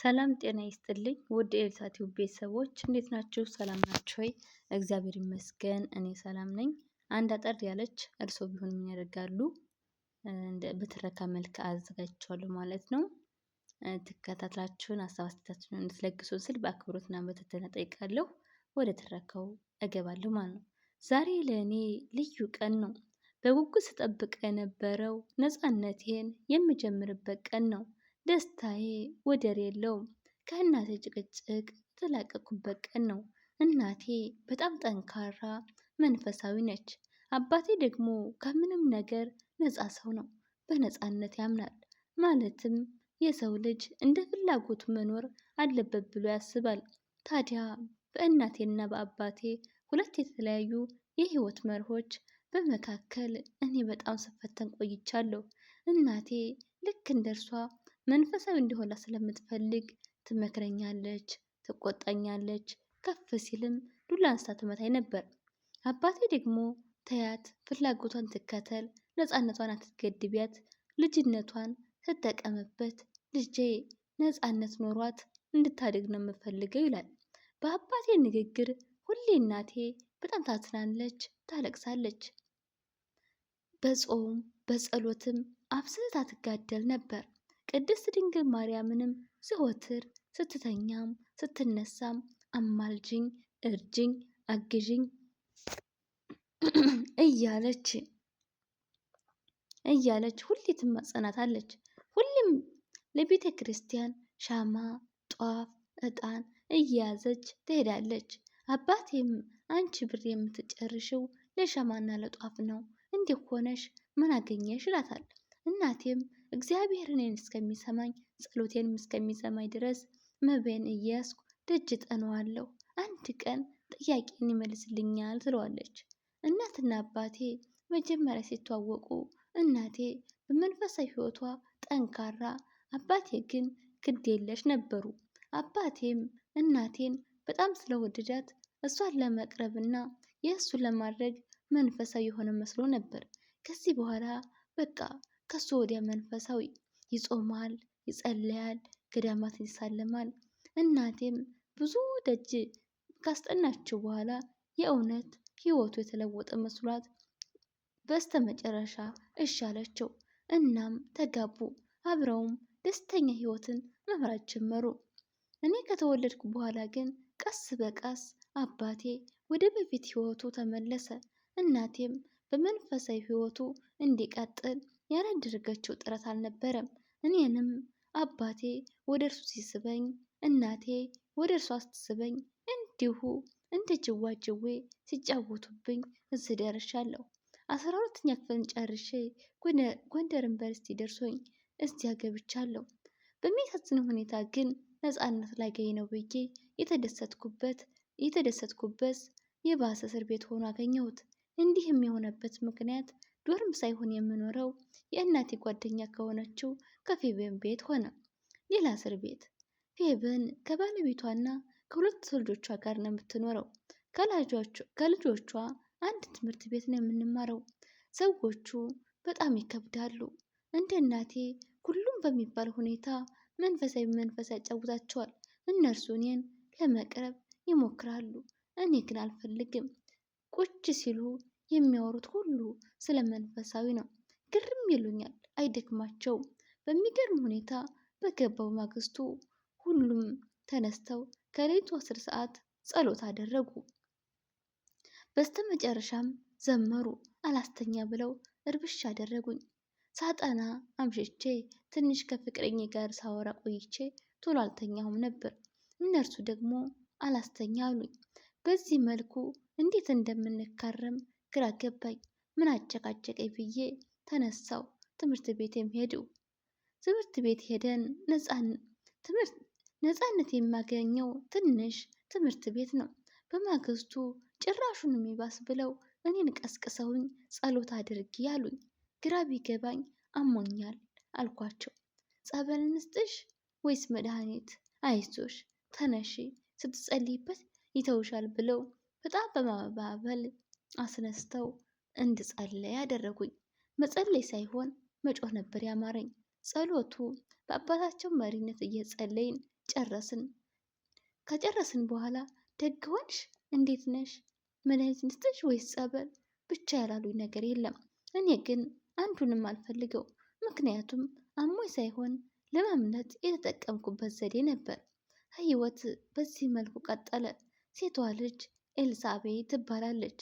ሰላም ጤና ይስጥልኝ ውድ ኤልሳ ቲዩብ ቤተሰቦች እንዴት ናችሁ? ሰላም ናችሁ ወይ? እግዚአብሔር ይመስገን እኔ ሰላም ነኝ። አንድ አጠር ያለች እርሶ ቢሆን ምን ያደርጋሉ በትረካ መልክ አዘጋጅቸዋለሁ ማለት ነው። ተከታትላችሁን ሀሳብ አስተያየታችሁን እንድትለግሱ ስል በአክብሮትና በትህትና እጠይቃለሁ። ወደ ትረካው እገባለሁ ማለት ነው። ዛሬ ለእኔ ልዩ ቀን ነው። በጉጉት ስጠብቅ የነበረው ነፃነቴን የምጀምርበት ቀን ነው። ደስታዬ ወደር የለውም። ከእናቴ ጭቅጭቅ የተላቀቅኩበት ቀን ነው። እናቴ በጣም ጠንካራ መንፈሳዊ ነች። አባቴ ደግሞ ከምንም ነገር ነፃ ሰው ነው። በነፃነት ያምናል። ማለትም የሰው ልጅ እንደ ፍላጎቱ መኖር አለበት ብሎ ያስባል። ታዲያ በእናቴና በአባቴ ሁለት የተለያዩ የህይወት መርሆች በመካከል እኔ በጣም ስፈተን ቆይቻለሁ። እናቴ ልክ እንደርሷ መንፈሳዊ እንዲሆን ስለምትፈልግ ትመክረኛለች፣ ትቆጣኛለች። ከፍ ሲልም ዱላ አንስታ ትመታኝ ነበር። አባቴ ደግሞ ተያት፣ ፍላጎቷን ትከተል፣ ነፃነቷን አትገድቢያት፣ ልጅነቷን ትጠቀምበት፣ ልጄ ነፃነት ኖሯት እንድታደግ ነው የምፈልገው ይላል። በአባቴ ንግግር ሁሌ እናቴ በጣም ታዝናለች፣ ታለቅሳለች። በጾም በጸሎትም አብዝታ ትጋደል ነበር። ቅድስት ድንግል ማርያምንም ዘወትር ስትተኛም ስትነሳም አማልጅኝ፣ እርጅኝ፣ አግዥኝ እያለች እያለች ሁሌ ትማጸናታለች። ሁሌም ለቤተ ክርስቲያን ሻማ፣ ጧፍ፣ እጣን እያያዘች ትሄዳለች። አባቴም አንቺ ብር የምትጨርሽው ለሻማና ለጧፍ ነው እንዲህ ሆነሽ ምን አገኘሽ? ይላታል። እናቴም እግዚአብሔር እኔን እስከሚሰማኝ ጸሎቴንም እስከሚሰማኝ ድረስ መቤን እየያዝኩ ደጅ ጠነዋለሁ። አንድ ቀን ጥያቄን ይመልስልኛል ትለዋለች። እናትና አባቴ መጀመሪያ ሲተዋወቁ እናቴ በመንፈሳዊ ሕይወቷ ጠንካራ፣ አባቴ ግን ግድ የለሽ ነበሩ። አባቴም እናቴን በጣም ስለወደዳት እሷን ለመቅረብና የእሱ ለማድረግ መንፈሳዊ የሆነ መስሎ ነበር። ከዚህ በኋላ በቃ ከሱ ወዲያ መንፈሳዊ ይጾማል፣ ይጸለያል፣ ገዳማትን ይሳለማል። እናቴም ብዙ ደጅ ካስጠናችው በኋላ የእውነት ህይወቱ የተለወጠ መስሏት በስተ መጨረሻ እሺ አለችው። እናም ተጋቡ። አብረውም ደስተኛ ህይወትን መምራት ጀመሩ። እኔ ከተወለድኩ በኋላ ግን ቀስ በቀስ አባቴ ወደ በፊት ህይወቱ ተመለሰ። እናቴም በመንፈሳዊ ህይወቱ እንዲቀጥል ያላደረገችው ጥረት አልነበረም። እኔንም አባቴ ወደ እርሱ ሲስበኝ፣ እናቴ ወደ እርሷ ስትስበኝ እንዲሁ እንደ ጅዋ ጅዌ ሲጫወቱብኝ እዚህ ደርሻለሁ። አስራ ሁለተኛ ክፍልን ጨርሼ ጎንደር ዩኒቨርሲቲ ደርሶኝ እዚያ ገብቻለሁ። በሚያሳዝን ሁኔታ ግን ነፃነት ላገኝ ነው ብዬ የተደሰትኩበት የተደሰትኩበት የባሰ እስር ቤት ሆኖ አገኘሁት። እንዲህም የሆነበት ምክንያት ዶርም ሳይሆን የምኖረው የእናቴ ጓደኛ ከሆነችው ከፌበን ቤት ሆነ። ሌላ እስር ቤት። ከባለቤቷ ከባለቤቷና ከሁለት ልጆቿ ጋር ነው የምትኖረው። ከልጆቿ አንድ ትምህርት ቤት ነው የምንማረው። ሰዎቹ በጣም ይከብዳሉ። እንደ እናቴ ሁሉም በሚባል ሁኔታ መንፈሳዊ መንፈስ ያጫውታቸዋል። እነርሱ እኔን ለመቅረብ ይሞክራሉ። እኔ ግን አልፈልግም። ቁጭ ሲሉ የሚያወሩት ሁሉ ስለ መንፈሳዊ ነው። ግርም ይሉኛል፣ አይደክማቸውም። በሚገርም ሁኔታ በገባው ማግስቱ ሁሉም ተነስተው ከሌሊቱ አስር ሰዓት ጸሎት አደረጉ። በስተመጨረሻም ዘመሩ። አላስተኛ ብለው እርብሻ አደረጉኝ። ሳጠና አምሽቼ ትንሽ ከፍቅረኛ ጋር ሳወራ ቆይቼ ቶሎ አልተኛሁም ነበር። እነርሱ ደግሞ አላስተኛ አሉኝ። በዚህ መልኩ እንዴት እንደምንካረም ግራ ገባኝ። ምን አጨቃጨቀኝ ብዬ ተነሳው ትምህርት ቤትም ሄዱ። ትምህርት ቤት ሄደን ነፃነት የማገኘው ትንሽ ትምህርት ቤት ነው። በማግስቱ ጭራሹን የሚባስ ብለው እኔን ቀስቅሰውኝ ጸሎት አድርጊ አሉኝ። ግራ ቢገባኝ አሞኛል አልኳቸው። ጸበል ወይስ መድኃኒት? አይዞሽ ተነሺ ስትጸልይበት ይተውሻል ብለው በጣም በማባበል አስነስተው እንድጸልይ ያደረጉኝ። መጸለይ ሳይሆን መጮህ ነበር ያማረኝ። ጸሎቱ በአባታቸው መሪነት እየጸለይን ጨረስን። ከጨረስን በኋላ ደግ ሆንሽ፣ እንዴት ነሽ፣ መድኃኒት ንስጥሽ ወይስ ጸበል ብቻ ያላሉኝ ነገር የለም። እኔ ግን አንዱንም አልፈልገው፣ ምክንያቱም አሞኝ ሳይሆን ለማምለጥ የተጠቀምኩበት ዘዴ ነበር። ህይወት በዚህ መልኩ ቀጠለ። ሴቷ ልጅ ኤልሳቤ ትባላለች።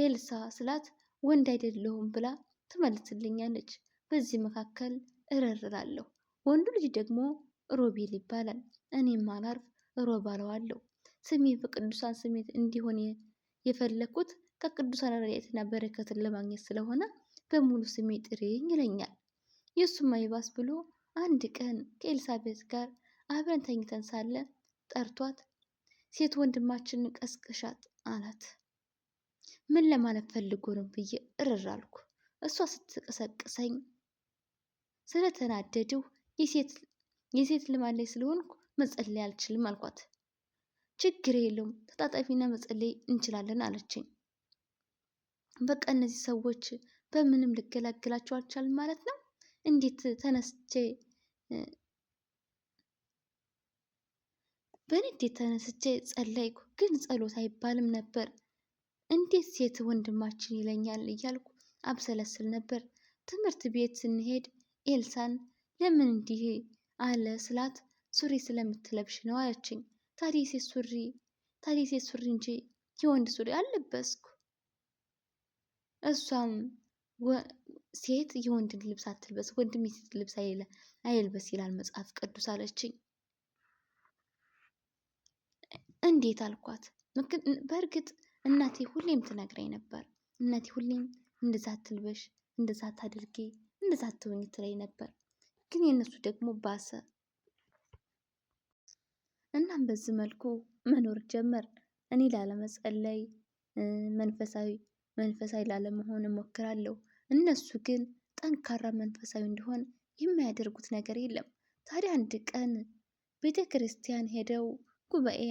ኤልሳ ስላት ወንድ አይደለሁም ብላ ትመልስልኛለች። በዚህ መካከል እረርላለሁ። ወንዱ ልጅ ደግሞ ሮቤል ይባላል። እኔም አላርፍ ሮብ አለዋለሁ። ስሜ በቅዱሳን ስሜት እንዲሆን የፈለግኩት ከቅዱሳን ረድኤትና በረከትን ለማግኘት ስለሆነ በሙሉ ስሜ ጥሪኝ ይለኛል። የእሱም ማይባስ ብሎ አንድ ቀን ከኤልሳቤት ጋር አብረን ተኝተን ሳለ ጠርቷት ሴት ወንድማችንን ቀስቅሻት አላት። ምን ለማለት ፈልጎ ነው ብዬ እርር አልኩ። እሷ ስትቀሰቅሰኝ ስለተናደድው የሴት ላይ ስለሆንኩ መጸለይ አልችልም አልኳት። ችግር የለውም ተጣጣፊና መጸለይ እንችላለን አለችኝ። በቃ እነዚህ ሰዎች በምንም ልገላግላቸው አልቻልም ማለት ነው። እንዴት ተነስቼ በንዴት ተነስቼ ጸለይኩ፣ ግን ጸሎት አይባልም ነበር። እንዴት ሴት ወንድማችን ይለኛል እያልኩ አብሰለስል ነበር። ትምህርት ቤት ስንሄድ ኤልሳን ለምን እንዲህ አለ ስላት ሱሪ ስለምትለብሽ ነው አለችኝ። ታዲያ ሴት ሱሪ ታዲያ ሱሪ እንጂ የወንድ ሱሪ አልለበስኩ። እሷም ሴት የወንድን ልብስ አትልበስ፣ ወንድም የሴት ልብስ አይልበስ ይላል መጽሐፍ ቅዱስ አለችኝ። እንዴት አልኳት። በእርግጥ እናቴ ሁሌም ትነግረኝ ነበር። እናቴ ሁሌም እንደዛ አትልበሽ፣ እንደዛ አታድርጊ፣ እንደዛ አትሆኝ ትለኝ ነበር። ግን የእነሱ ደግሞ ባሰ። እናም በዚህ መልኩ መኖር ጀመር። እኔ ላለመጸለይ መንፈሳዊ መንፈሳዊ ላለመሆን እሞክራለሁ። እነሱ ግን ጠንካራ መንፈሳዊ እንዲሆን የማያደርጉት ነገር የለም። ታዲያ አንድ ቀን ቤተ ክርስቲያን ሄደው ጉባኤ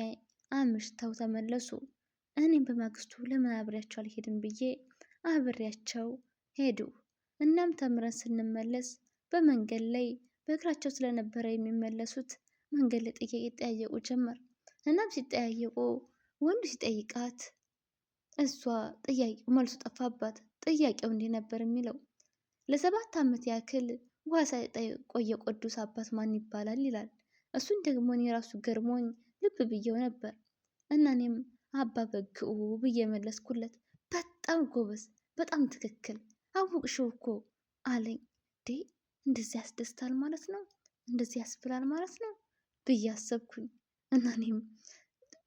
አምሽተው ተመለሱ። እኔም በማግስቱ ለምን አብሬያቸው አልሄድም ብዬ አብሬያቸው ሄዱ። እናም ተምረን ስንመለስ በመንገድ ላይ በእግራቸው ስለነበረ የሚመለሱት መንገድ ላይ ጥያቄ ይጠያየቁ ጀመር። እናም ሲጠያየቁ ወንዱ ሲጠይቃት እሷ ጥያቄ መልሱ ጠፋባት። ጥያቄው እንዲህ ነበር የሚለው ለሰባት ዓመት ያክል ውሃ ሳይጠይቆ የቆየ አባት ማን ይባላል ይላል። እሱን ደግሞ እኔ ራሱ ገርሞኝ ልብ ብዬው ነበር እና እኔም አባ በግዑ ብዬ መለስኩለት። በጣም ጎበዝ፣ በጣም ትክክል አውቅሽው እኮ አለኝ። ዴ እንደዚህ ያስደስታል ማለት ነው፣ እንደዚህ ያስብላል ማለት ነው ብዬ አሰብኩኝ እና እኔም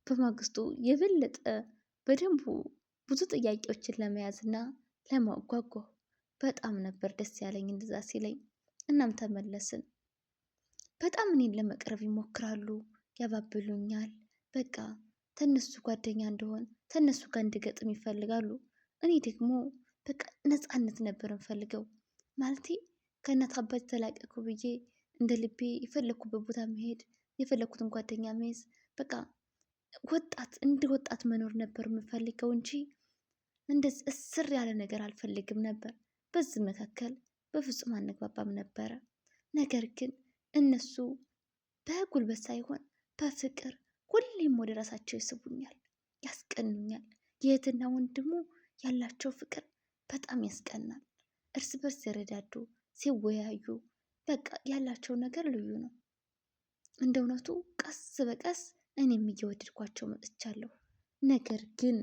በማግስቱ የበለጠ በደንቡ ብዙ ጥያቄዎችን ለመያዝ እና ለማጓጓ በጣም ነበር ደስ ያለኝ እንደዛ ሲለኝ። እናም ተመለስን። በጣም እኔን ለመቅረብ ይሞክራሉ፣ ያባብሉኛል። በቃ ተነሱ ጓደኛ እንደሆን ተነሱ ጋር እንድገጥም ይፈልጋሉ። እኔ ደግሞ በቃ ነፃነት ነበር እንፈልገው ማለቴ ከእናት አባት ተላቀኩ ብዬ እንደ ልቤ የፈለግኩበት ቦታ መሄድ የፈለግኩትን ጓደኛ መያዝ በቃ ወጣት እንደ ወጣት መኖር ነበር የምፈልገው እንጂ እንደዚህ እስር ያለ ነገር አልፈልግም ነበር። በዚህ መካከል በፍጹም አንግባባም ነበረ። ነገር ግን እነሱ በጉልበት ሳይሆን በፍቅር እኔም ወደ ራሳቸው ይስቡኛል፣ ያስቀኑኛል። የእህትና ወንድሙ ያላቸው ፍቅር በጣም ያስቀናል። እርስ በርስ ይረዳዱ፣ ሲወያዩ፣ በቃ ያላቸው ነገር ልዩ ነው። እንደ እውነቱ ቀስ በቀስ እኔም እየወደድኳቸው መጥቻለሁ። ነገር ግን